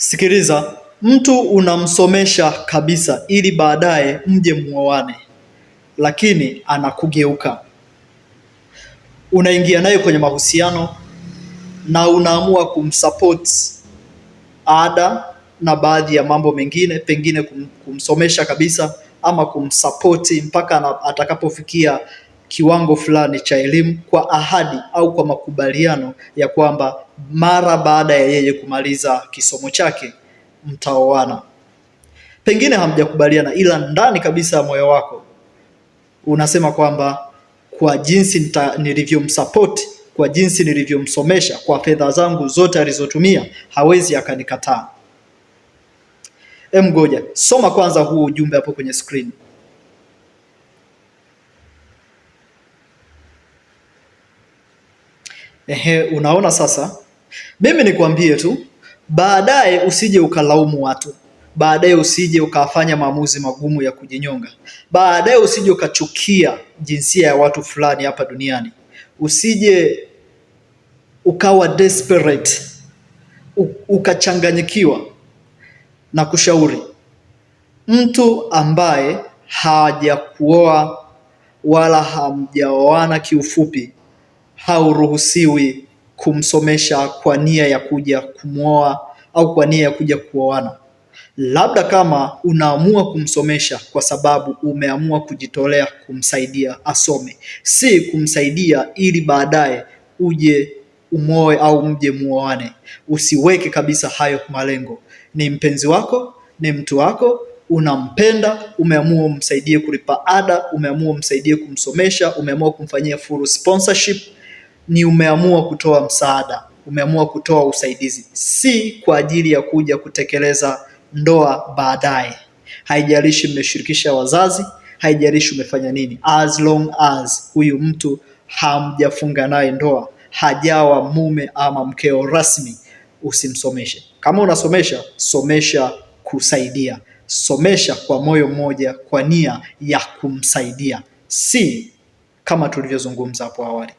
Sikiliza, mtu unamsomesha kabisa ili baadaye mje muoane, lakini anakugeuka. Unaingia naye kwenye mahusiano na unaamua kumsupport ada na baadhi ya mambo mengine, pengine kum, kumsomesha kabisa ama kumsapoti mpaka atakapofikia kiwango fulani cha elimu kwa ahadi au kwa makubaliano ya kwamba mara baada ya yeye kumaliza kisomo chake mtaoana. Pengine hamjakubaliana, ila ndani kabisa ya moyo wako unasema kwamba kwa jinsi nilivyomsapoti, kwa jinsi nilivyomsomesha, kwa fedha zangu zote alizotumia, hawezi akanikataa. Em, soma kwanza huu ujumbe hapo kwenye screen. Ehe, unaona sasa, mimi nikwambie tu, baadaye usije ukalaumu watu, baadaye usije ukafanya maamuzi magumu ya kujinyonga, baadaye usije ukachukia jinsia ya watu fulani hapa duniani, usije ukawa desperate ukachanganyikiwa. Na kushauri mtu ambaye hajakuoa wala hamjaoana kiufupi hauruhusiwi kumsomesha kwa nia ya kuja kumwoa au kwa nia ya kuja kuoana, labda kama unaamua kumsomesha kwa sababu umeamua kujitolea kumsaidia asome, si kumsaidia ili baadaye uje umwoe au mje muoane. Usiweke kabisa hayo malengo. Ni mpenzi wako, ni mtu wako, unampenda, umeamua umsaidie kulipa ada, umeamua umsaidie kumsomesha, umeamua kumfanyia full sponsorship ni umeamua kutoa msaada, umeamua kutoa usaidizi, si kwa ajili ya kuja kutekeleza ndoa baadaye. Haijalishi mmeshirikisha wazazi, haijalishi umefanya nini, as long as huyu mtu hamjafunga naye ndoa, hajawa mume ama mkeo rasmi, usimsomeshe. Kama unasomesha, somesha kusaidia, somesha kwa moyo mmoja, kwa nia ya kumsaidia, si kama tulivyozungumza hapo awali.